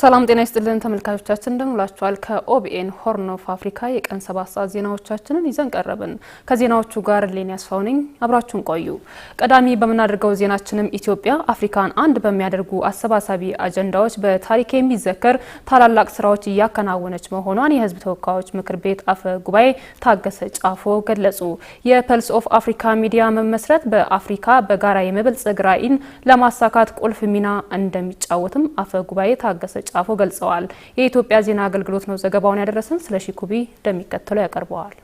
ሰላም ጤና ይስጥልን ተመልካቾቻችን፣ እንደምላችኋል። ከኦቢኤን ሆርን ኦፍ አፍሪካ የቀን ሰባት ሰዓት ዜናዎቻችንን ይዘን ቀረብን። ከዜናዎቹ ጋር ሌን ያስፋው ነኝ። አብራችሁን ቆዩ። ቀዳሚ በምናደርገው ዜናችንም ኢትዮጵያ አፍሪካን አንድ በሚያደርጉ አሰባሳቢ አጀንዳዎች በታሪክ የሚዘከር ታላላቅ ስራዎች እያከናወነች መሆኗን የህዝብ ተወካዮች ምክር ቤት አፈ ጉባኤ ታገሰ ጫፎ ገለጹ። የፐልስ ኦፍ አፍሪካ ሚዲያ መመስረት በአፍሪካ በጋራ የመበልጸግ ራዕይን ለማሳካት ቁልፍ ሚና እንደሚጫወትም አፈ ጉባኤ ታገሰ ጫፎ ገልጸዋል። የኢትዮጵያ ዜና አገልግሎት ነው ዘገባውን ያደረሰን። ስለሺ ኩቢ እንደሚከተለው ያቀርበዋል።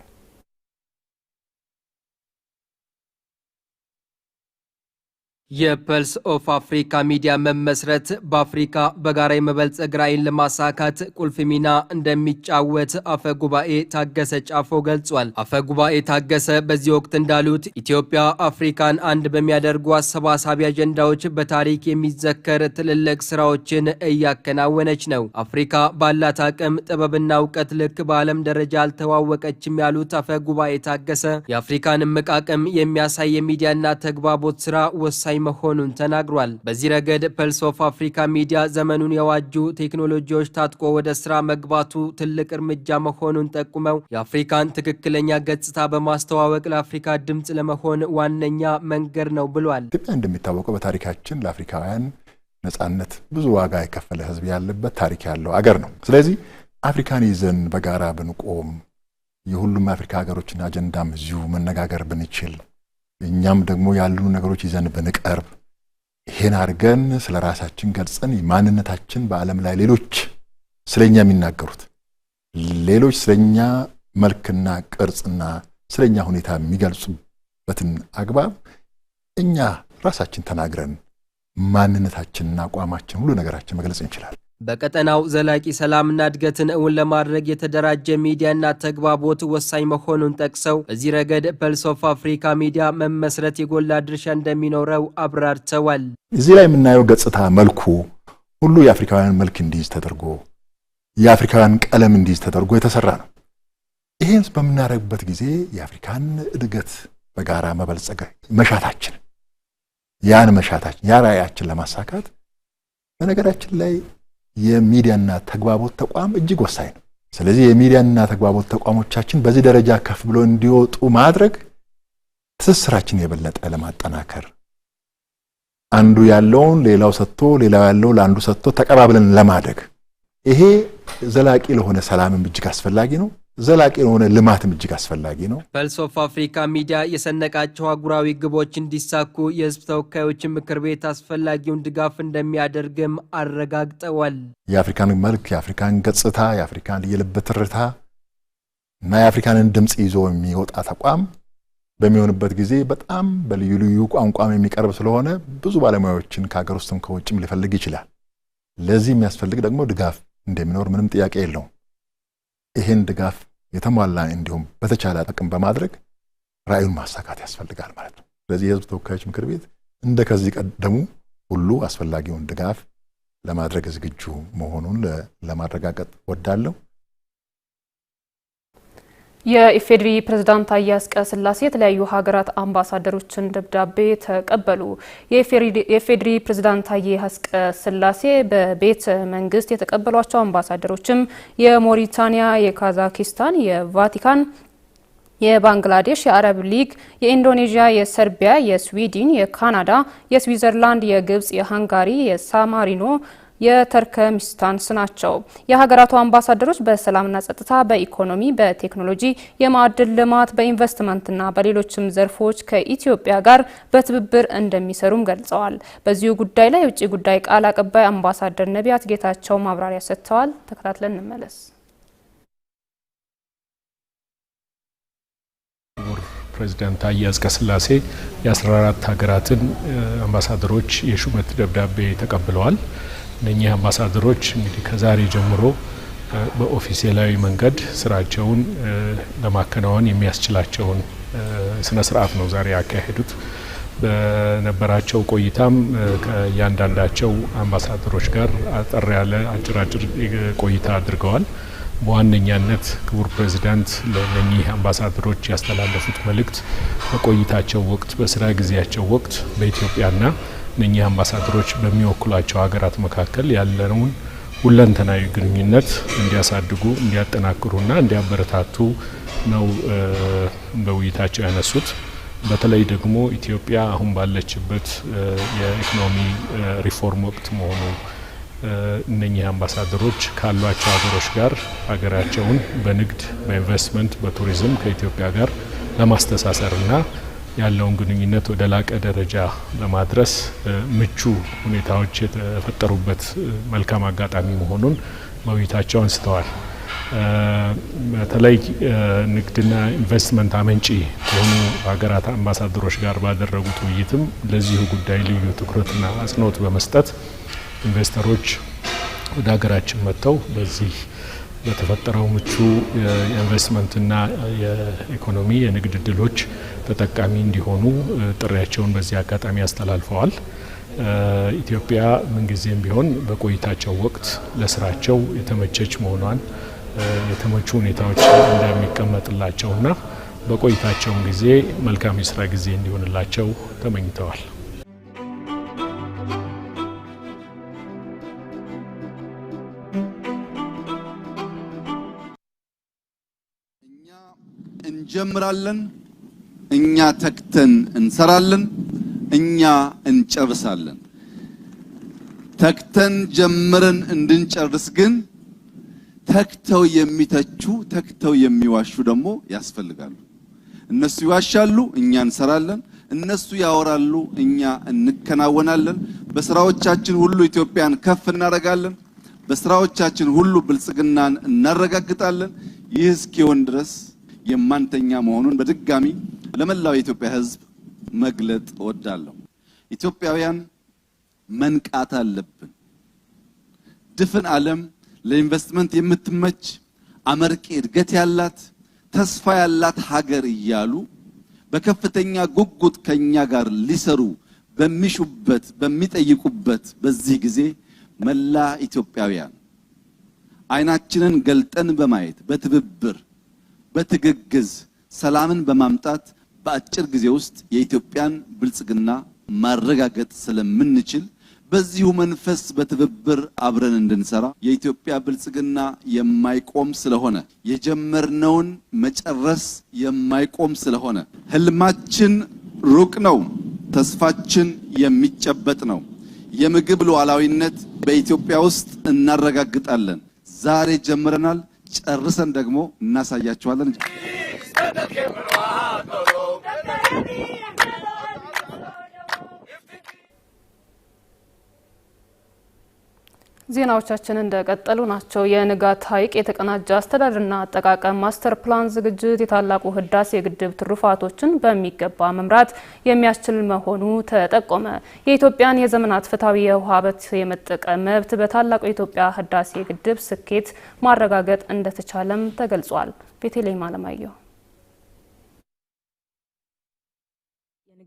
የፐልስ ኦፍ አፍሪካ ሚዲያ መመስረት በአፍሪካ በጋራ የመበልጸግ ራዕይን ለማሳካት ቁልፍ ሚና እንደሚጫወት አፈ ጉባኤ ታገሰ ጫፎ ገልጿል። አፈ ጉባኤ ታገሰ በዚህ ወቅት እንዳሉት ኢትዮጵያ አፍሪካን አንድ በሚያደርጉ አሰባሳቢ አጀንዳዎች በታሪክ የሚዘከር ትልልቅ ስራዎችን እያከናወነች ነው። አፍሪካ ባላት አቅም ጥበብና እውቀት ልክ በዓለም ደረጃ አልተዋወቀችም ያሉት አፈ ጉባኤ ታገሰ የአፍሪካን እምቅ አቅም የሚያሳይ የሚዲያና ተግባቦት ስራ ወሳኝ መሆኑን ተናግሯል። በዚህ ረገድ ፐልስ ኦፍ አፍሪካ ሚዲያ ዘመኑን የዋጁ ቴክኖሎጂዎች ታጥቆ ወደ ስራ መግባቱ ትልቅ እርምጃ መሆኑን ጠቁመው የአፍሪካን ትክክለኛ ገጽታ በማስተዋወቅ ለአፍሪካ ድምፅ ለመሆን ዋነኛ መንገድ ነው ብሏል። ኢትዮጵያ እንደሚታወቀው በታሪካችን ለአፍሪካውያን ነጻነት ብዙ ዋጋ የከፈለ ህዝብ ያለበት ታሪክ ያለው አገር ነው። ስለዚህ አፍሪካን ይዘን በጋራ ብንቆም የሁሉም አፍሪካ ሀገሮችን አጀንዳም እዚሁ መነጋገር ብንችል እኛም ደግሞ ያሉ ነገሮች ይዘን ብንቀርብ ይሄን አድርገን ስለ ራሳችን ገልጸን ማንነታችን በዓለም ላይ ሌሎች ስለኛ የሚናገሩት ሌሎች ስለኛ መልክና ቅርጽና ስለኛ ሁኔታ የሚገልጹበትን አግባብ እኛ ራሳችን ተናግረን ማንነታችንና አቋማችን ሁሉ ነገራችን መግለጽ እንችላለን። በቀጠናው ዘላቂ ሰላምና እድገትን እውን ለማድረግ የተደራጀ ሚዲያና ተግባቦት ወሳኝ መሆኑን ጠቅሰው በዚህ ረገድ ፐልስ ኦፍ አፍሪካ ሚዲያ መመስረት የጎላ ድርሻ እንደሚኖረው አብራርተዋል። እዚህ ላይ የምናየው ገጽታ መልኩ ሁሉ የአፍሪካውያን መልክ እንዲይዝ ተደርጎ የአፍሪካውያን ቀለም እንዲይዝ ተደርጎ የተሰራ ነው። ይህም በምናደርግበት ጊዜ የአፍሪካን እድገት በጋራ መበልጸገ መሻታችን ያን መሻታችን ያ ራዕያችን ለማሳካት በነገራችን ላይ የሚዲያና ተግባቦት ተቋም እጅግ ወሳኝ ነው። ስለዚህ የሚዲያና ተግባቦት ተቋሞቻችን በዚህ ደረጃ ከፍ ብሎ እንዲወጡ ማድረግ ትስስራችን የበለጠ ለማጠናከር አንዱ ያለውን ሌላው ሰጥቶ ሌላው ያለው ለአንዱ ሰጥቶ ተቀባብለን ለማደግ ይሄ ዘላቂ ለሆነ ሰላምም እጅግ አስፈላጊ ነው። ዘላቂ የሆነ ልማትም እጅግ አስፈላጊ ነው። ፐልስ ኦፍ አፍሪካ ሚዲያ የሰነቃቸው አህጉራዊ ግቦች እንዲሳኩ የህዝብ ተወካዮች ምክር ቤት አስፈላጊውን ድጋፍ እንደሚያደርግም አረጋግጠዋል። የአፍሪካን መልክ፣ የአፍሪካን ገጽታ፣ የአፍሪካን የልብ ትርታ እና የአፍሪካንን ድምፅ ይዞ የሚወጣ ተቋም በሚሆንበት ጊዜ በጣም በልዩ ልዩ ቋንቋም የሚቀርብ ስለሆነ ብዙ ባለሙያዎችን ከሀገር ውስጥም ከውጭም ሊፈልግ ይችላል። ለዚህ የሚያስፈልግ ደግሞ ድጋፍ እንደሚኖር ምንም ጥያቄ የለውም። ይህን ድጋፍ የተሟላ እንዲሁም በተቻለ አቅም በማድረግ ራዕዩን ማሳካት ያስፈልጋል ማለት ነው። ስለዚህ የህዝብ ተወካዮች ምክር ቤት እንደ ከዚህ ቀደሙ ሁሉ አስፈላጊውን ድጋፍ ለማድረግ ዝግጁ መሆኑን ለማረጋገጥ ወዳለሁ። የኢፌዴሪ ፕሬዝዳንት ታዬ አጽቀሥላሴ የተለያዩ ሀገራት አምባሳደሮችን ደብዳቤ ተቀበሉ። የኢፌዴሪ ፕሬዝዳንት ታዬ አጽቀሥላሴ በቤተ መንግስት የተቀበሏቸው አምባሳደሮችም የሞሪታንያ፣ የካዛኪስታን፣ የቫቲካን የባንግላዴሽ፣ የአረብ ሊግ፣ የኢንዶኔዥያ፣ የሰርቢያ፣ የስዊድን፣ የካናዳ፣ የስዊዘርላንድ፣ የግብጽ፣ የሃንጋሪ፣ የሳማሪኖ የተርከሚስታንስ ናቸው። የሀገራቱ አምባሳደሮች በሰላምና ጸጥታ፣ በኢኮኖሚ፣ በቴክኖሎጂ፣ የማዕድን ልማት፣ በኢንቨስትመንትና በሌሎችም ዘርፎች ከኢትዮጵያ ጋር በትብብር እንደሚሰሩም ገልጸዋል። በዚሁ ጉዳይ ላይ የውጭ ጉዳይ ቃል አቀባይ አምባሳደር ነቢያት ጌታቸው ማብራሪያ ሰጥተዋል። ተከታትለን እንመለስ። ፕሬዚዳንት ታዬ አጽቀሥላሴ የ14 ሀገራትን አምባሳደሮች የሹመት ደብዳቤ ተቀብለዋል። እነኚህ አምባሳደሮች እንግዲህ ከዛሬ ጀምሮ በኦፊሴላዊ መንገድ ስራቸውን ለማከናወን የሚያስችላቸውን ስነ ስርዓት ነው ዛሬ ያካሄዱት። በነበራቸው ቆይታም ከእያንዳንዳቸው አምባሳደሮች ጋር አጠር ያለ አጭራጭር ቆይታ አድርገዋል። በዋነኛነት ክቡር ፕሬዚዳንት ለእነኚህ አምባሳደሮች ያስተላለፉት መልእክት በቆይታቸው ወቅት በስራ ጊዜያቸው ወቅት በኢትዮጵያና እነኚህ አምባሳደሮች በሚወክሏቸው ሀገራት መካከል ያለውን ሁለንተናዊ ግንኙነት እንዲያሳድጉ እንዲያጠናክሩና እንዲያበረታቱ ነው በውይይታቸው ያነሱት። በተለይ ደግሞ ኢትዮጵያ አሁን ባለችበት የኢኮኖሚ ሪፎርም ወቅት መሆኑ እነኚህ አምባሳደሮች ካሏቸው ሀገሮች ጋር ሀገራቸውን በንግድ፣ በኢንቨስትመንት፣ በቱሪዝም ከኢትዮጵያ ጋር ለማስተሳሰርና ያለውን ግንኙነት ወደ ላቀ ደረጃ ለማድረስ ምቹ ሁኔታዎች የተፈጠሩበት መልካም አጋጣሚ መሆኑን በውይይታቸው አንስተዋል። በተለይ ንግድና ኢንቨስትመንት አመንጪ ከሆኑ ሀገራት አምባሳደሮች ጋር ባደረጉት ውይይትም ለዚሁ ጉዳይ ልዩ ትኩረትና አጽንኦት በመስጠት ኢንቨስተሮች ወደ ሀገራችን መጥተው በዚህ በተፈጠረው ምቹ የኢንቨስትመንትና የኢኮኖሚ የንግድ እድሎች ተጠቃሚ እንዲሆኑ ጥሪያቸውን በዚህ አጋጣሚ አስተላልፈዋል። ኢትዮጵያ ምንጊዜም ቢሆን በቆይታቸው ወቅት ለስራቸው የተመቸች መሆኗን የተመቹ ሁኔታዎች እንደሚቀመጥላቸውና በቆይታቸውም ጊዜ መልካም የስራ ጊዜ እንዲሆንላቸው ተመኝተዋል። እንጀምራለን፣ እኛ ተክተን እንሰራለን፣ እኛ እንጨርሳለን። ተክተን ጀምረን እንድንጨርስ ግን ተክተው የሚተቹ ተክተው የሚዋሹ ደግሞ ያስፈልጋሉ። እነሱ ይዋሻሉ፣ እኛ እንሰራለን። እነሱ ያወራሉ፣ እኛ እንከናወናለን። በስራዎቻችን ሁሉ ኢትዮጵያን ከፍ እናደርጋለን። በስራዎቻችን ሁሉ ብልጽግናን እናረጋግጣለን። ይህ እስኪሆን ድረስ የማንተኛ መሆኑን በድጋሚ ለመላው የኢትዮጵያ ሕዝብ መግለጥ እወዳለሁ። ኢትዮጵያውያን መንቃት አለብን። ድፍን ዓለም ለኢንቨስትመንት የምትመች አመርቂ እድገት ያላት ተስፋ ያላት ሀገር እያሉ በከፍተኛ ጉጉት ከኛ ጋር ሊሰሩ በሚሹበት በሚጠይቁበት በዚህ ጊዜ መላ ኢትዮጵያውያን አይናችንን ገልጠን በማየት በትብብር በትግግዝ ሰላምን በማምጣት በአጭር ጊዜ ውስጥ የኢትዮጵያን ብልጽግና ማረጋገጥ ስለምንችል በዚሁ መንፈስ በትብብር አብረን እንድንሰራ የኢትዮጵያ ብልጽግና የማይቆም ስለሆነ የጀመርነውን መጨረስ የማይቆም ስለሆነ ህልማችን ሩቅ ነው፣ ተስፋችን የሚጨበጥ ነው። የምግብ ሉዓላዊነት በኢትዮጵያ ውስጥ እናረጋግጣለን። ዛሬ ጀምረናል። ጨርሰን ደግሞ እናሳያቸዋለን። ዜናዎቻችን እንደቀጠሉ ናቸው። የንጋት ሐይቅ የተቀናጀ አስተዳደርና አጠቃቀም ማስተር ፕላን ዝግጅት የታላቁ ህዳሴ ግድብ ትሩፋቶችን በሚገባ መምራት የሚያስችል መሆኑ ተጠቆመ። የኢትዮጵያን የዘመናት ፍትሐዊ የውሃ ሀብት የመጠቀም መብት በታላቁ የኢትዮጵያ ህዳሴ ግድብ ስኬት ማረጋገጥ እንደተቻለም ተገልጿል። ቤቴሌም አለማየሁ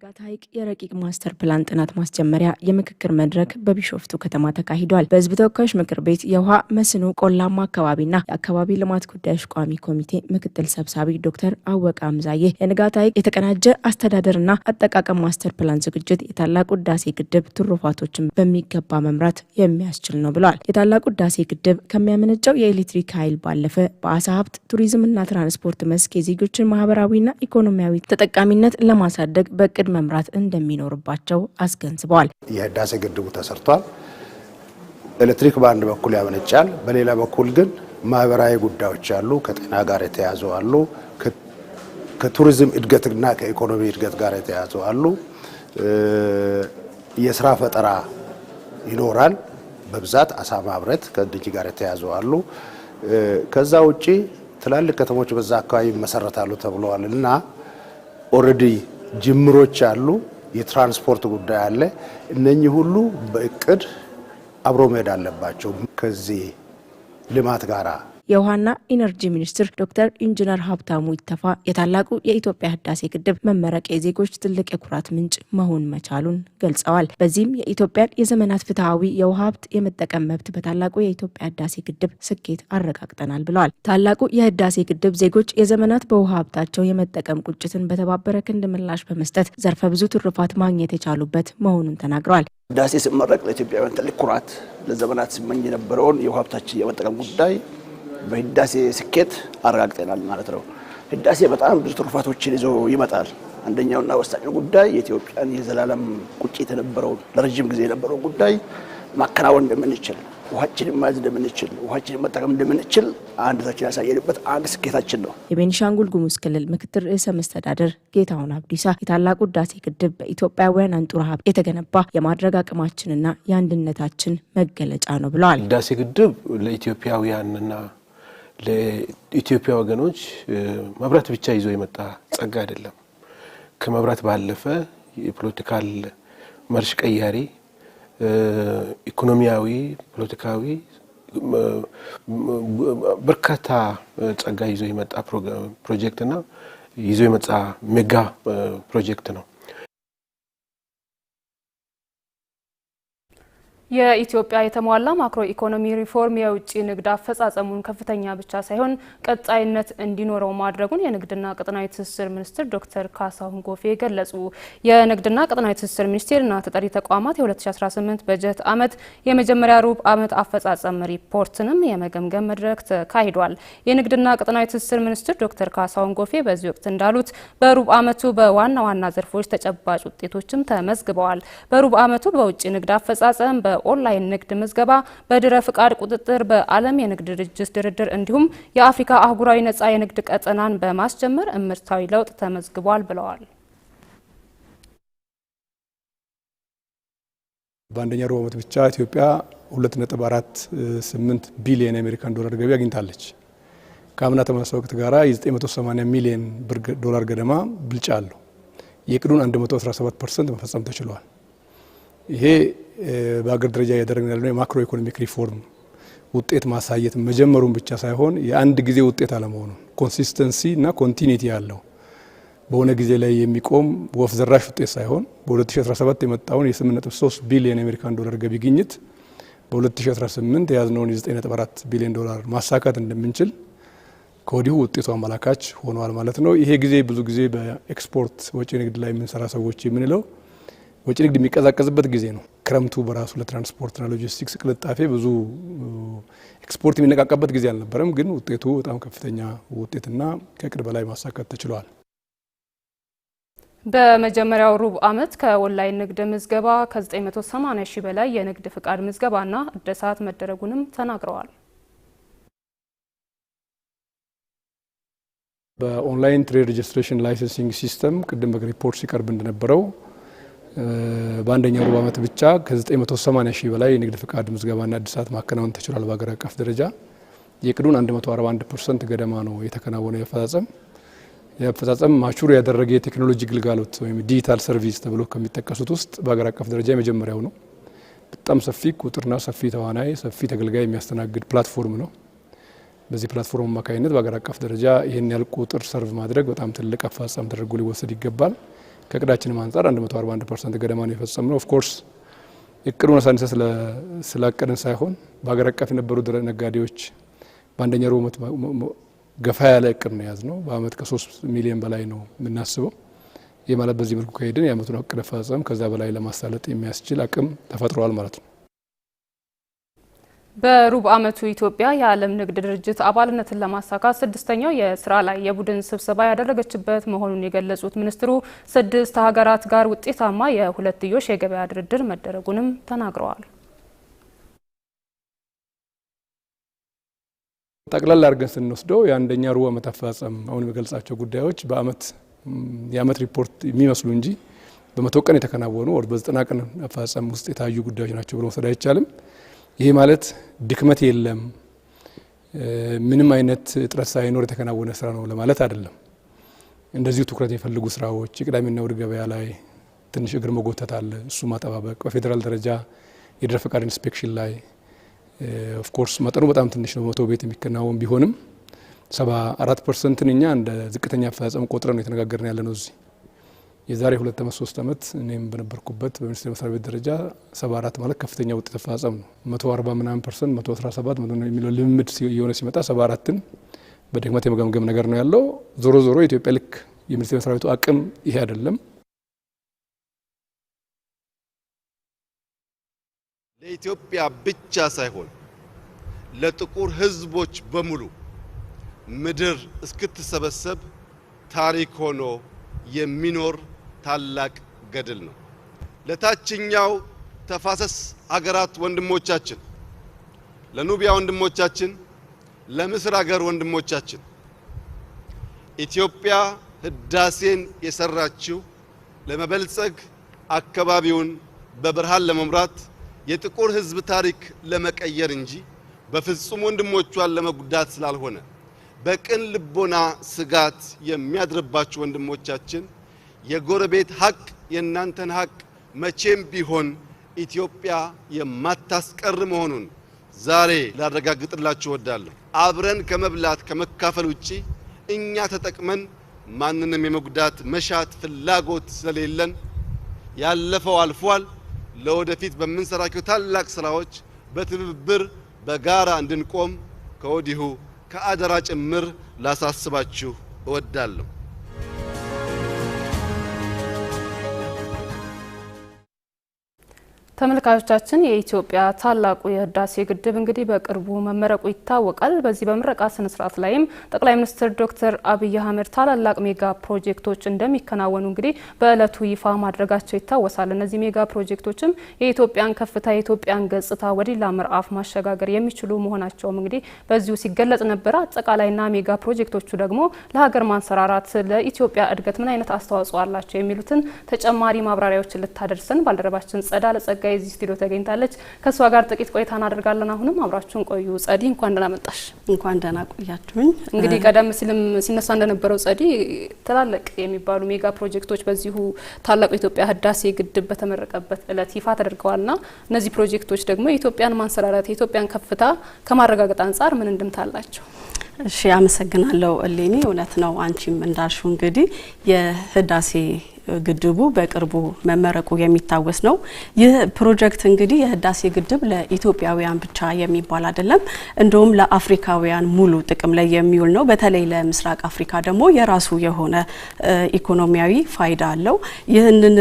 ንጋት ሐይቅ የረቂቅ ማስተር ፕላን ጥናት ማስጀመሪያ የምክክር መድረክ በቢሾፍቱ ከተማ ተካሂዷል። በህዝብ ተወካዮች ምክር ቤት የውሃ መስኖ ቆላማ አካባቢና የአካባቢ ልማት ጉዳዮች ቋሚ ኮሚቴ ምክትል ሰብሳቢ ዶክተር አወቀ አምዛዬ የንጋት ሐይቅ የተቀናጀ አስተዳደርና አጠቃቀም ማስተር ፕላን ዝግጅት የታላቁ ህዳሴ ግድብ ትሩፋቶችን በሚገባ መምራት የሚያስችል ነው ብለዋል። የታላቁ ህዳሴ ግድብ ከሚያመነጨው የኤሌክትሪክ ኃይል ባለፈ በአሳ ሀብት ቱሪዝምና ትራንስፖርት መስክ የዜጎችን ማህበራዊና ኢኮኖሚያዊ ተጠቃሚነት ለማሳደግ በቅድ መምራት እንደሚኖርባቸው አስገንዝበዋል። የህዳሴ ግድቡ ተሰርቷል። ኤሌክትሪክ በአንድ በኩል ያመነጫል፣ በሌላ በኩል ግን ማህበራዊ ጉዳዮች አሉ፣ ከጤና ጋር የተያዙ አሉ፣ ከቱሪዝም እድገትና ከኢኮኖሚ እድገት ጋር የተያዙ አሉ። የስራ ፈጠራ ይኖራል። በብዛት አሳ ማብረት ከድጅ ጋር የተያዙ አሉ። ከዛ ውጪ ትላልቅ ከተሞች በዛ አካባቢ ይመሰረታሉ ተብለዋል እና ኦልሬዲ ጅምሮች አሉ። የትራንስፖርት ጉዳይ አለ። እነኚህ ሁሉ በእቅድ አብሮ መሄድ አለባቸው ከዚህ ልማት ጋራ የውሃና ኢነርጂ ሚኒስትር ዶክተር ኢንጂነር ሀብታሙ ኢተፋ የታላቁ የኢትዮጵያ ህዳሴ ግድብ መመረቅ የዜጎች ትልቅ የኩራት ምንጭ መሆን መቻሉን ገልጸዋል። በዚህም የኢትዮጵያን የዘመናት ፍትሐዊ የውሃ ሀብት የመጠቀም መብት በታላቁ የኢትዮጵያ ህዳሴ ግድብ ስኬት አረጋግጠናል ብለዋል። ታላቁ የህዳሴ ግድብ ዜጎች የዘመናት በውሃ ሀብታቸው የመጠቀም ቁጭትን በተባበረ ክንድ ምላሽ በመስጠት ዘርፈ ብዙ ትሩፋት ማግኘት የቻሉበት መሆኑን ተናግረዋል። ህዳሴ ሲመረቅ ለኢትዮጵያውያን ትልቅ ኩራት ለዘመናት ሲመኝ የነበረውን የውሃ ሀብታችን የመጠቀም ጉዳይ በህዳሴ ስኬት አረጋግጠናል ማለት ነው። ህዳሴ በጣም ብዙ ትሩፋቶችን ይዞ ይመጣል። አንደኛውና ወሳኝ ጉዳይ የኢትዮጵያን የዘላለም ቁጭት የነበረውን ለረጅም ጊዜ የነበረውን ጉዳይ ማከናወን እንደምንችል፣ ውሃችንን ማያዝ እንደምንችል፣ ውሃችንን መጠቀም እንደምንችል አንድታችን ያሳየንበት አንድ ስኬታችን ነው። የቤኒሻንጉል ጉሙዝ ክልል ምክትል ርዕሰ መስተዳደር ጌታሁን አብዲሳ የታላቁ ህዳሴ ግድብ በኢትዮጵያውያን አንጡረ ሀብት የተገነባ የማድረግ አቅማችንና የአንድነታችን መገለጫ ነው ብለዋል። ህዳሴ ግድብ ለኢትዮጵያውያንና ለኢትዮጵያ ወገኖች መብራት ብቻ ይዞ የመጣ ጸጋ አይደለም። ከመብራት ባለፈ የፖለቲካል መርሽ ቀያሪ፣ ኢኮኖሚያዊ፣ ፖለቲካዊ በርካታ ጸጋ ይዞ የመጣ ፕሮጀክትና ይዞ የመጣ ሜጋ ፕሮጀክት ነው። የኢትዮጵያ የተሟላ ማክሮ ኢኮኖሚ ሪፎርም የውጭ ንግድ አፈጻጸሙን ከፍተኛ ብቻ ሳይሆን ቀጣይነት እንዲኖረው ማድረጉን የንግድና ቀጠናዊ ትስስር ሚኒስትር ዶክተር ካሳሁን ጎፌ ገለጹ። የንግድና ቀጠናዊ ትስስር ሚኒስቴርና ተጠሪ ተቋማት የ2018 በጀት ዓመት የመጀመሪያ ሩብ ዓመት አፈጻጸም ሪፖርትንም የመገምገም መድረክ ተካሂዷል። የንግድና ቀጠናዊ ትስስር ሚኒስትር ዶክተር ካሳሁን ጎፌ በዚህ ወቅት እንዳሉት በሩብ ዓመቱ በዋና ዋና ዘርፎች ተጨባጭ ውጤቶችም ተመዝግበዋል። በሩብ ዓመቱ በውጭ ንግድ አፈጻጸም በኦንላይን ንግድ ምዝገባ፣ በድረ ፍቃድ ቁጥጥር፣ በዓለም የንግድ ድርጅት ድርድር እንዲሁም የአፍሪካ አህጉራዊ ነጻ የንግድ ቀጠናን በማስጀመር እምርታዊ ለውጥ ተመዝግቧል ብለዋል። በአንደኛ ሩብ ዓመት ብቻ ኢትዮጵያ 2.48 ቢሊዮን የአሜሪካን ዶላር ገቢ አግኝታለች። ከአምና ተመሳሳይ ወቅት ጋራ የ980 ሚሊዮን ዶላር ገደማ ብልጫ አለው። የቅዱን 117 ፐርሰንት መፈጸም ተችሏል። ይሄ በአገር ደረጃ እያደረግን ያለነው የማክሮ ኢኮኖሚክ ሪፎርም ውጤት ማሳየት መጀመሩን ብቻ ሳይሆን የአንድ ጊዜ ውጤት አለመሆኑ ኮንሲስተንሲ እና ኮንቲኒቲ ያለው በሆነ ጊዜ ላይ የሚቆም ወፍ ዘራሽ ውጤት ሳይሆን በ2017 የመጣውን የ8.3 ቢሊዮን የአሜሪካን ዶላር ገቢ ግኝት በ2018 የያዝነውን የ9.4 ቢሊዮን ዶላር ማሳካት እንደምንችል ከወዲሁ ውጤቱ አመላካች ሆኗል ማለት ነው። ይሄ ጊዜ ብዙ ጊዜ በኤክስፖርት ወጪ ንግድ ላይ የምንሰራ ሰዎች የምንለው ወጪ ንግድ የሚቀዛቀዝበት ጊዜ ነው። ክረምቱ በራሱ ለትራንስፖርትና ሎጂስቲክስ ቅልጣፌ ብዙ ኤክስፖርት የሚነቃቃበት ጊዜ አልነበረም። ግን ውጤቱ በጣም ከፍተኛ ውጤትና ከቅድ በላይ ማሳካት ተችሏል። በመጀመሪያው ሩብ ዓመት ከኦንላይን ንግድ ምዝገባ ከ980 ሺህ በላይ የንግድ ፍቃድ ምዝገባና እደሳት መደረጉንም ተናግረዋል። በኦንላይን ትሬድ ሬጅስትሬሽን ላይሰንሲንግ ሲስተም ቅድም በሪፖርት ሲቀርብ እንደነበረው በአንደኛው ሩብ ዓመት ብቻ ከ980 ሺህ በላይ የንግድ ፍቃድ ምዝገባና እድሳት ማከናወን ተችሏል። በሀገር አቀፍ ደረጃ የቅዱን 141 ፐርሰንት ገደማ ነው የተከናወነው። የአፈጻጸም የአፈጻጸም ማቹር ያደረገ የቴክኖሎጂ ግልጋሎት ወይም ዲጂታል ሰርቪስ ተብሎ ከሚጠቀሱት ውስጥ በሀገር አቀፍ ደረጃ የመጀመሪያው ነው። በጣም ሰፊ ቁጥርና ሰፊ ተዋናይ፣ ሰፊ ተገልጋይ የሚያስተናግድ ፕላትፎርም ነው። በዚህ ፕላትፎርም አማካኝነት በሀገር አቀፍ ደረጃ ይህን ያህል ቁጥር ሰርቭ ማድረግ በጣም ትልቅ አፈጻጸም ተደርጎ ሊወሰድ ይገባል። ከእቅዳችንም አንጻር 141 ፐርሰንት ገደማ ነው የፈጸምነው። ኦፍኮርስ እቅዱን አሳንሰ ስላቀድን ሳይሆን በሀገር አቀፍ የነበሩ ነጋዴዎች በአንደኛ ሩብ ዓመት ገፋ ያለ እቅድ ነው የያዝነው። በአመት ከሶስት ሚሊዮን በላይ ነው የምናስበው። ይህ ማለት በዚህ መልኩ ከሄድን የአመቱን እቅድ ፈጸም ከዛ በላይ ለማሳለጥ የሚያስችል አቅም ተፈጥሯል ማለት ነው። በሩብ ዓመቱ ኢትዮጵያ የዓለም ንግድ ድርጅት አባልነትን ለማሳካት ስድስተኛው የስራ ላይ የቡድን ስብሰባ ያደረገችበት መሆኑን የገለጹት ሚኒስትሩ ስድስት ሀገራት ጋር ውጤታማ የሁለትዮሽ የገበያ ድርድር መደረጉንም ተናግረዋል። ጠቅላላ አድርገን ስንወስደው የአንደኛ ሩብ ዓመት አፈጻጸም አሁን የሚገልጻቸው ጉዳዮች በአመት የአመት ሪፖርት የሚመስሉ እንጂ በመቶ ቀን የተከናወኑ በዘጠና ቀን አፈጻጸም ውስጥ የታዩ ጉዳዮች ናቸው ብሎ መውሰድ አይቻልም። ይሄ ማለት ድክመት የለም፣ ምንም አይነት እጥረት ሳይኖር የተከናወነ ስራ ነው ለማለት አይደለም። እንደዚሁ ትኩረት የፈልጉ ስራዎች የቅዳሜና እሁድ ገበያ ላይ ትንሽ እግር መጎተት አለ፣ እሱ ማጠባበቅ፣ በፌዴራል ደረጃ የድረ ፈቃድ ኢንስፔክሽን ላይ ኦፍኮርስ መጠኑ በጣም ትንሽ ነው፣ መቶ ቤት የሚከናወን ቢሆንም ሰባ አራት ፐርሰንትን እኛ እንደ ዝቅተኛ አፈጻጸም ቆጥረ ነው የተነጋገርን ያለ ነው እዚህ የዛሬ ሁለት ዓመት ሶስት ዓመት እኔም በነበርኩበት በሚኒስቴር መስሪያ ቤት ደረጃ ሰባ አራት ማለት ከፍተኛ ውጤት አፈጻጸም ነው። መቶ አርባ ምናምን ፐርሰንት መቶ አስራ ሰባት የሚለው ልምምድ የሆነ ሲመጣ ሰባ አራትን በድክመት የመገምገም ነገር ነው ያለው። ዞሮ ዞሮ የኢትዮጵያ ልክ የሚኒስቴር መስሪያ ቤቱ አቅም ይሄ አይደለም። ለኢትዮጵያ ብቻ ሳይሆን ለጥቁር ሕዝቦች በሙሉ ምድር እስክትሰበሰብ ታሪክ ሆኖ የሚኖር ታላቅ ገድል ነው። ለታችኛው ተፋሰስ አገራት ወንድሞቻችን፣ ለኑቢያ ወንድሞቻችን፣ ለምስር አገር ወንድሞቻችን ኢትዮጵያ ህዳሴን የሰራችው ለመበልጸግ አካባቢውን በብርሃን ለመምራት የጥቁር ህዝብ ታሪክ ለመቀየር እንጂ በፍጹም ወንድሞቿን ለመጉዳት ስላልሆነ በቅን ልቦና ስጋት የሚያድርባችሁ ወንድሞቻችን የጎረቤት ሀቅ የእናንተን ሀቅ መቼም ቢሆን ኢትዮጵያ የማታስቀር መሆኑን ዛሬ ላረጋግጥላችሁ እወዳለሁ። አብረን ከመብላት ከመካፈል ውጪ እኛ ተጠቅመን ማንንም የመጉዳት መሻት ፍላጎት ስለሌለን ያለፈው አልፏል። ለወደፊት በምንሰራቸው ታላቅ ስራዎች በትብብር በጋራ እንድንቆም ከወዲሁ ከአደራ ጭምር ላሳስባችሁ እወዳለሁ። ተመልካቾቻችን የኢትዮጵያ ታላቁ የህዳሴ ግድብ እንግዲህ በቅርቡ መመረቁ ይታወቃል። በዚህ በምረቃ ስነ ስርዓት ላይም ጠቅላይ ሚኒስትር ዶክተር አብይ አህመድ ታላላቅ ሜጋ ፕሮጀክቶች እንደሚከናወኑ እንግዲህ በእለቱ ይፋ ማድረጋቸው ይታወሳል። እነዚህ ሜጋ ፕሮጀክቶችም የኢትዮጵያን ከፍታ የኢትዮጵያን ገጽታ ወደሌላ ምዕራፍ ማሸጋገር የሚችሉ መሆናቸውም እንግዲህ በዚሁ ሲገለጽ ነበረ። አጠቃላይና ሜጋ ፕሮጀክቶቹ ደግሞ ለሀገር ማንሰራራት ለኢትዮጵያ እድገት ምን አይነት አስተዋጽኦ አላቸው የሚሉትን ተጨማሪ ማብራሪያዎችን ልታደርሰን ባልደረባችን ጸዳ ለጸጋ ስቱዲዮ ተገኝታለች። ከእሷ ጋር ጥቂት ቆይታ እናደርጋለን። አሁንም አብራችሁን ቆዩ። ጸዲ እንኳን ደህና መጣሽ። እንኳን ደህና ቆያችሁኝ። እንግዲህ ቀደም ሲልም ሲነሳ እንደነበረው ጸዲ ትላልቅ የሚባሉ ሜጋ ፕሮጀክቶች በዚሁ ታላቁ የኢትዮጵያ ህዳሴ ግድብ በተመረቀበት እለት ይፋ ተደርገዋልና እነዚህ ፕሮጀክቶች ደግሞ የኢትዮጵያን ማንሰራራት የኢትዮጵያን ከፍታ ከማረጋገጥ አንጻር ምን እንድምታላቸው? እሺ አመሰግናለሁ እሌኒ። እውነት ነው አንቺም እንዳልሽው እንግዲህ የህዳሴ ግድቡ በቅርቡ መመረቁ የሚታወስ ነው። ይህ ፕሮጀክት እንግዲህ የህዳሴ ግድብ ለኢትዮጵያውያን ብቻ የሚባል አይደለም፣ እንደውም ለአፍሪካውያን ሙሉ ጥቅም ላይ የሚውል ነው። በተለይ ለምስራቅ አፍሪካ ደግሞ የራሱ የሆነ ኢኮኖሚያዊ ፋይዳ አለው። ይህንን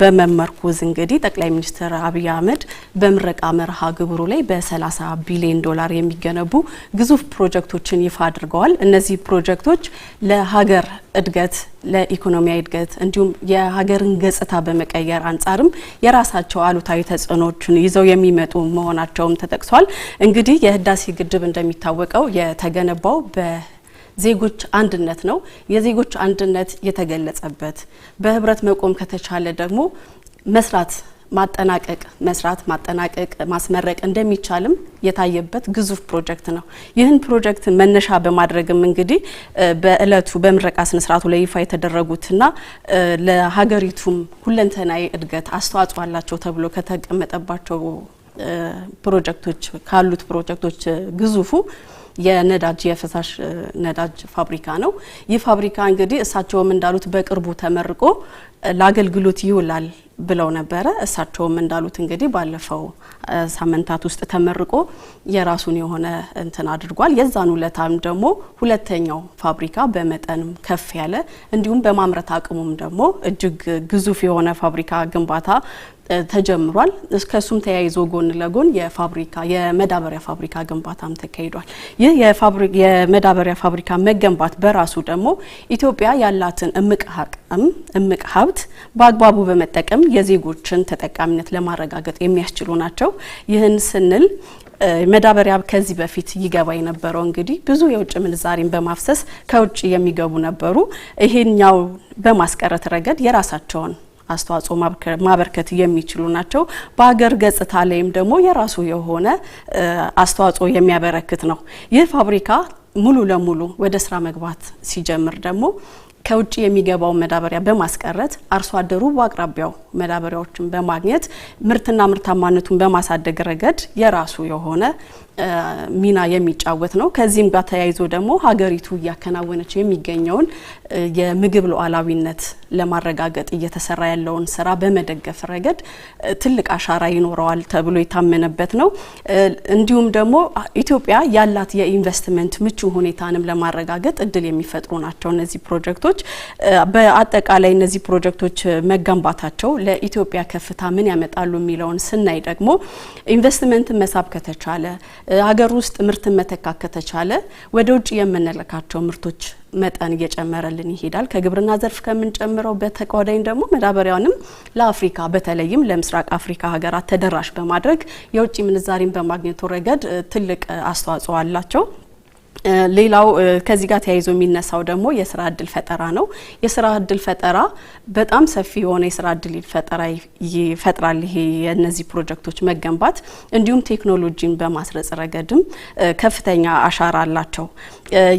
በመመርኮዝ እንግዲህ ጠቅላይ ሚኒስትር አብይ አህመድ በምረቃ መርሃ ግብሩ ላይ በ30 ቢሊዮን ዶላር የሚገነቡ ግዙፍ ፕሮጀክቶችን ይፋ አድርገዋል። እነዚህ ፕሮጀክቶች ለሀገር እድገት፣ ለኢኮኖሚያዊ እድገት እንዲሁም የሀገርን ገጽታ በመቀየር አንጻርም የራሳቸው አሉታዊ ተጽዕኖዎችን ይዘው የሚመጡ መሆናቸውም ተጠቅሷል። እንግዲህ የህዳሴ ግድብ እንደሚታወቀው የተገነባው በ ዜጎች አንድነት ነው። የዜጎች አንድነት የተገለጸበት በህብረት መቆም ከተቻለ ደግሞ መስራት ማጠናቀቅ መስራት ማጠናቀቅ ማስመረቅ እንደሚቻልም የታየበት ግዙፍ ፕሮጀክት ነው። ይህን ፕሮጀክት መነሻ በማድረግም እንግዲህ በእለቱ በምረቃ ስነስርዓቱ ስርዓቱ ላይ ይፋ የተደረጉትና ለሀገሪቱም ሁለንተናዊ እድገት አስተዋጽኦ አላቸው ተብሎ ከተቀመጠባቸው ፕሮጀክቶች ካሉት ፕሮጀክቶች ግዙፉ የነዳጅ የፈሳሽ ነዳጅ ፋብሪካ ነው። ይህ ፋብሪካ እንግዲህ እሳቸውም እንዳሉት በቅርቡ ተመርቆ ለአገልግሎት ይውላል ብለው ነበረ። እሳቸውም እንዳሉት እንግዲህ ባለፈው ሳምንታት ውስጥ ተመርቆ የራሱን የሆነ እንትን አድርጓል። የዛን ውለታም ደግሞ ሁለተኛው ፋብሪካ በመጠንም ከፍ ያለ እንዲሁም በማምረት አቅሙም ደግሞ እጅግ ግዙፍ የሆነ ፋብሪካ ግንባታ ተጀምሯል። ከሱም ተያይዞ ጎን ለጎን የፋብሪካ የመዳበሪያ ፋብሪካ ግንባታም ተካሂዷል። ይህ የመዳበሪያ ፋብሪካ መገንባት በራሱ ደግሞ ኢትዮጵያ ያላትን እምቅ ሀብት በአግባቡ በመጠቀም የዜጎችን ተጠቃሚነት ለማረጋገጥ የሚያስችሉ ናቸው። ይህን ስንል መዳበሪያ ከዚህ በፊት ይገባ የነበረው እንግዲህ ብዙ የውጭ ምንዛሪን በማፍሰስ ከውጭ የሚገቡ ነበሩ። ይሄኛው በማስቀረት ረገድ የራሳቸውን አስተዋጽኦ ማበርከት የሚችሉ ናቸው። በሀገር ገጽታ ላይም ደግሞ የራሱ የሆነ አስተዋጽኦ የሚያበረክት ነው። ይህ ፋብሪካ ሙሉ ለሙሉ ወደ ስራ መግባት ሲጀምር ደግሞ ከውጭ የሚገባውን መዳበሪያ በማስቀረት አርሶ አደሩ በአቅራቢያው መዳበሪያዎችን በማግኘት ምርትና ምርታማነቱን በማሳደግ ረገድ የራሱ የሆነ ሚና የሚጫወት ነው። ከዚህም ጋር ተያይዞ ደግሞ ሀገሪቱ እያከናወነች የሚገኘውን የምግብ ሉዓላዊነት ለማረጋገጥ እየተሰራ ያለውን ስራ በመደገፍ ረገድ ትልቅ አሻራ ይኖረዋል ተብሎ የታመነበት ነው። እንዲሁም ደግሞ ኢትዮጵያ ያላት የኢንቨስትመንት ምቹ ሁኔታንም ለማረጋገጥ እድል የሚፈጥሩ ናቸው እነዚህ ፕሮጀክቶች። በአጠቃላይ እነዚህ ፕሮጀክቶች መገንባታቸው ለኢትዮጵያ ከፍታ ምን ያመጣሉ የሚለውን ስናይ ደግሞ ኢንቨስትመንትን መሳብ ከተቻለ ሀገር ውስጥ ምርትን መተካት ከተቻለ ወደ ውጭ የምንልካቸው ምርቶች መጠን እየጨመረልን ይሄዳል። ከግብርና ዘርፍ ከምንጨምረው በተጓዳኝ ደግሞ መዳበሪያውንም ለአፍሪካ በተለይም ለምስራቅ አፍሪካ ሀገራት ተደራሽ በማድረግ የውጭ ምንዛሪን በማግኘቱ ረገድ ትልቅ አስተዋጽኦ አላቸው። ሌላው ከዚህ ጋር ተያይዞ የሚነሳው ደግሞ የስራ እድል ፈጠራ ነው። የስራ እድል ፈጠራ በጣም ሰፊ የሆነ የስራ እድል ፈጠራ ይፈጥራል። ይሄ የእነዚህ ፕሮጀክቶች መገንባት እንዲሁም ቴክኖሎጂን በማስረጽ ረገድም ከፍተኛ አሻራ አላቸው።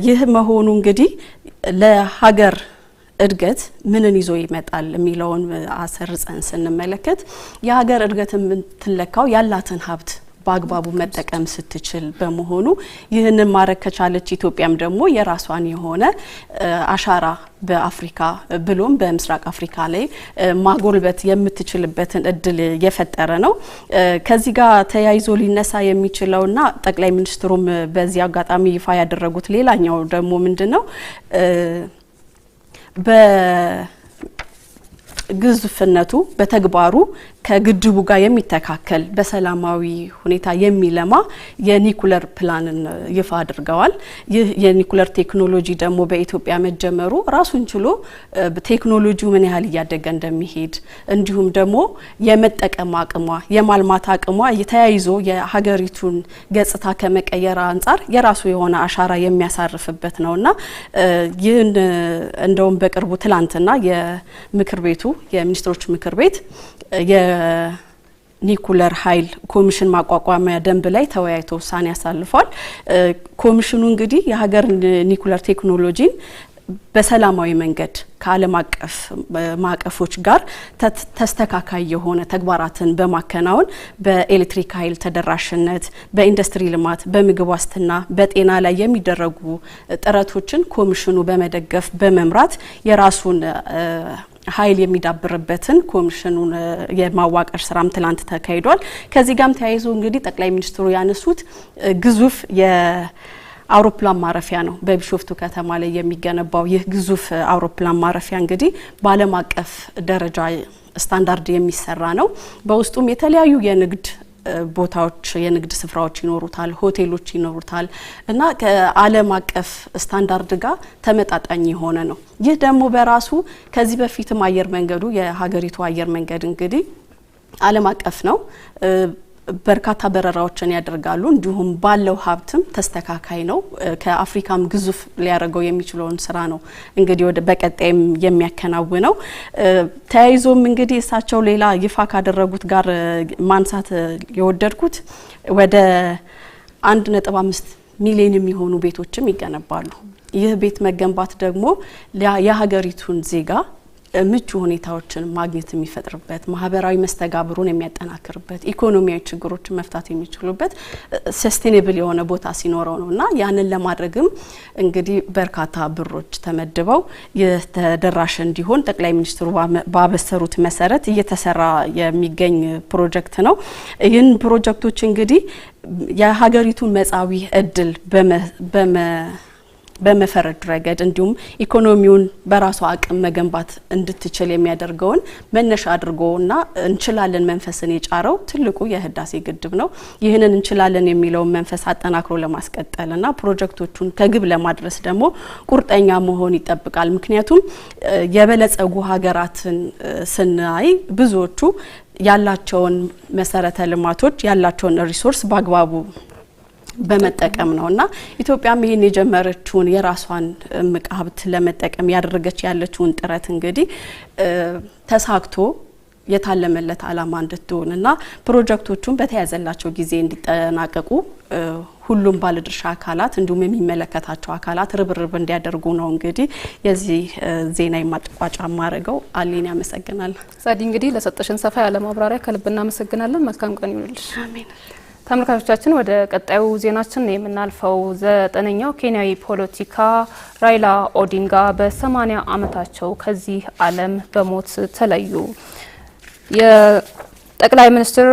ይህ መሆኑ እንግዲህ ለሀገር እድገት ምንን ይዞ ይመጣል የሚለውን አሰርጸን ስንመለከት የሀገር እድገት የምትለካው ያላትን ሀብት በአግባቡ መጠቀም ስትችል በመሆኑ ይህንን ማድረግ ከቻለች ኢትዮጵያም ደግሞ የራሷን የሆነ አሻራ በአፍሪካ ብሎም በምስራቅ አፍሪካ ላይ ማጎልበት የምትችልበትን እድል የፈጠረ ነው። ከዚህ ጋር ተያይዞ ሊነሳ የሚችለውና ጠቅላይ ሚኒስትሩም በዚህ አጋጣሚ ይፋ ያደረጉት ሌላኛው ደግሞ ምንድን ነው በግዙፍነቱ በተግባሩ ከግድቡ ጋር የሚተካከል በሰላማዊ ሁኔታ የሚለማ የኒኩለር ፕላንን ይፋ አድርገዋል። ይህ የኒኩለር ቴክኖሎጂ ደግሞ በኢትዮጵያ መጀመሩ ራሱን ችሎ ቴክኖሎጂው ምን ያህል እያደገ እንደሚሄድ እንዲሁም ደግሞ የመጠቀም አቅሟ የማልማት አቅሟ ተያይዞ የሀገሪቱን ገጽታ ከመቀየር አንጻር የራሱ የሆነ አሻራ የሚያሳርፍበት እና ይህን እንደውም በቅርቡ ትላንትና የምክር ቤቱ የሚኒስትሮች ምክር ቤት ኒኩለር ኃይል ኮሚሽን ማቋቋሚያ ደንብ ላይ ተወያይቶ ውሳኔ ያሳልፏል። ኮሚሽኑ እንግዲህ የሀገር ኒኩለር ቴክኖሎጂን በሰላማዊ መንገድ ከዓለም አቀፍ ማዕቀፎች ጋር ተስተካካይ የሆነ ተግባራትን በማከናወን በኤሌክትሪክ ኃይል ተደራሽነት፣ በኢንዱስትሪ ልማት፣ በምግብ ዋስትና፣ በጤና ላይ የሚደረጉ ጥረቶችን ኮሚሽኑ በመደገፍ በመምራት የራሱን ኃይል የሚዳብርበትን ኮሚሽኑን የማዋቀር ስራም ትላንት ተካሂዷል። ከዚህ ጋም ተያይዞ እንግዲህ ጠቅላይ ሚኒስትሩ ያነሱት ግዙፍ የአውሮፕላን ማረፊያ ነው በቢሾፍቱ ከተማ ላይ የሚገነባው። ይህ ግዙፍ አውሮፕላን ማረፊያ እንግዲህ በዓለም አቀፍ ደረጃ ስታንዳርድ የሚሰራ ነው። በውስጡም የተለያዩ የንግድ ቦታዎች፣ የንግድ ስፍራዎች ይኖሩታል፣ ሆቴሎች ይኖሩታል እና ከዓለም አቀፍ ስታንዳርድ ጋር ተመጣጣኝ የሆነ ነው። ይህ ደግሞ በራሱ ከዚህ በፊትም አየር መንገዱ የሀገሪቱ አየር መንገድ እንግዲህ ዓለም አቀፍ ነው። በርካታ በረራዎችን ያደርጋሉ። እንዲሁም ባለው ሀብትም ተስተካካይ ነው። ከአፍሪካም ግዙፍ ሊያደርገው የሚችለውን ስራ ነው እንግዲህ ወደ በቀጣይም የሚያከናውነው። ተያይዞም እንግዲህ እሳቸው ሌላ ይፋ ካደረጉት ጋር ማንሳት የወደድኩት ወደ አንድ ነጥብ አምስት ሚሊዮን የሚሆኑ ቤቶችም ይገነባሉ። ይህ ቤት መገንባት ደግሞ የሀገሪቱን ዜጋ ምቹ ሁኔታዎችን ማግኘት የሚፈጥርበት ማህበራዊ መስተጋብሩን የሚያጠናክርበት ኢኮኖሚያዊ ችግሮችን መፍታት የሚችሉበት ሰስቴኔብል የሆነ ቦታ ሲኖረው ነው እና ያንን ለማድረግም እንግዲህ በርካታ ብሮች ተመድበው የተደራሽ እንዲሆን ጠቅላይ ሚኒስትሩ ባበሰሩት መሰረት እየተሰራ የሚገኝ ፕሮጀክት ነው። ይህን ፕሮጀክቶች እንግዲህ የሀገሪቱን መጻዊ እድል በመ በመፈረድ ረገድ እንዲሁም ኢኮኖሚውን በራሷ አቅም መገንባት እንድትችል የሚያደርገውን መነሻ አድርጎ እና እንችላለን መንፈስን የጫረው ትልቁ የህዳሴ ግድብ ነው። ይህንን እንችላለን የሚለውን መንፈስ አጠናክሮ ለማስቀጠል እና ፕሮጀክቶቹን ከግብ ለማድረስ ደግሞ ቁርጠኛ መሆን ይጠብቃል። ምክንያቱም የበለጸጉ ሀገራትን ስናይ ብዙዎቹ ያላቸውን መሰረተ ልማቶች ያላቸውን ሪሶርስ በአግባቡ በመጠቀም ነው እና ኢትዮጵያም ይህን የጀመረችውን የራሷን እምቅ ሀብት ለመጠቀም ያደረገች ያለችውን ጥረት እንግዲህ ተሳክቶ የታለመለት ዓላማ እንድትሆን እና ፕሮጀክቶቹን በተያዘላቸው ጊዜ እንዲጠናቀቁ ሁሉም ባለድርሻ አካላት እንዲሁም የሚመለከታቸው አካላት ርብርብ እንዲያደርጉ ነው እንግዲህ የዚህ ዜና የማጥቋጫ ማድረገው። አሊን ያመሰግናል። ዛዲ እንግዲህ ለሰጠሽን ሰፋ ያለ ማብራሪያ ከልብ እናመሰግናለን። መልካም ቀን ይሁንልሽ። አሜን። ተመልካቾቻችን ወደ ቀጣዩ ዜናችን የምናልፈው ዘጠነኛው ኬንያዊ ፖለቲካ ራይላ ኦዲንጋ በሰማኒያ ዓመታቸው ከዚህ ዓለም በሞት ተለዩ። የጠቅላይ ሚኒስትር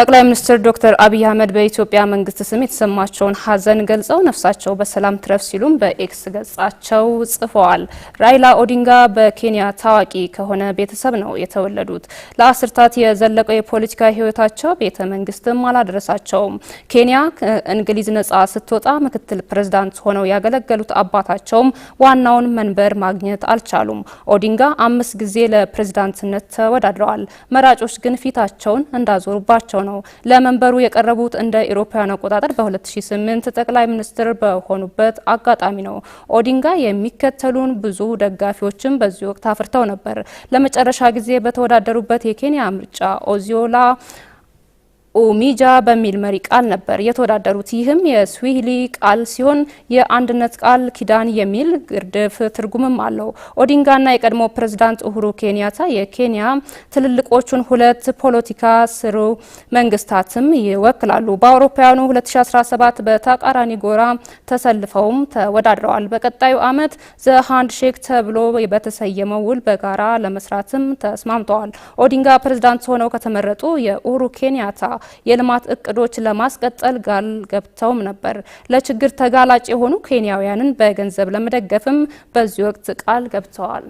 ጠቅላይ ሚኒስትር ዶክተር አብይ አህመድ በኢትዮጵያ መንግስት ስም የተሰማቸውን ሀዘን ገልጸው ነፍሳቸው በሰላም ትረፍ ሲሉም በኤክስ ገጻቸው ጽፈዋል። ራይላ ኦዲንጋ በኬንያ ታዋቂ ከሆነ ቤተሰብ ነው የተወለዱት። ለአስርታት የዘለቀው የፖለቲካ ህይወታቸው ቤተ መንግስትም አላደረሳቸውም። ኬንያ እንግሊዝ ነጻ ስትወጣ ምክትል ፕሬዝዳንት ሆነው ያገለገሉት አባታቸውም ዋናውን መንበር ማግኘት አልቻሉም። ኦዲንጋ አምስት ጊዜ ለፕሬዝዳንትነት ተወዳድረዋል። መራጮች ግን ፊታቸውን እንዳዞሩባቸው ነው። ለመንበሩ የቀረቡት እንደ ኢሮፓውያን አቆጣጠር በ2008 ጠቅላይ ሚኒስትር በሆኑበት አጋጣሚ ነው። ኦዲንጋ የሚከተሉን ብዙ ደጋፊዎችም በዚህ ወቅት አፍርተው ነበር። ለመጨረሻ ጊዜ በተወዳደሩበት የኬንያ ምርጫ ኦዚዮላ ኡሚጃ በሚል መሪ ቃል ነበር የተወዳደሩት። ይህም የስዊሂሊ ቃል ሲሆን የአንድነት ቃል ኪዳን የሚል ግርድፍ ትርጉምም አለው። ኦዲንጋና የቀድሞ ፕሬዝዳንት ኡሁሩ ኬንያታ የኬንያ ትልልቆቹን ሁለት ፖለቲካ ስሩ መንግስታትም ይወክላሉ። በአውሮፓውያኑ 2017 በተቃራኒ ጎራ ተሰልፈውም ተወዳድረዋል። በቀጣዩ ዓመት ዘ ሃንድ ሼክ ተብሎ በተሰየመው ውል በጋራ ለመስራትም ተስማምተዋል። ኦዲንጋ ፕሬዝዳንት ሆነው ከተመረጡ የኡሁሩ ኬንያታ የልማት እቅዶች ለማስቀጠል ቃል ገብተውም ነበር። ለችግር ተጋላጭ የሆኑ ኬንያውያንን በገንዘብ ለመደገፍም በዚህ ወቅት ቃል ገብተዋል።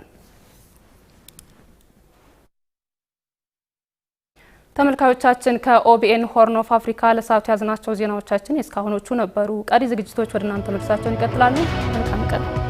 ተመልካዮቻችን ከኦቢኤን ሆርን ኦፍ አፍሪካ ለሰዓቱ ያዝናቸው ዜናዎቻችን የእስካሁኖቹ ነበሩ። ቀሪ ዝግጅቶች ወደ እናንተ መድረሳቸውን ይቀጥላሉ። መልካም ቀን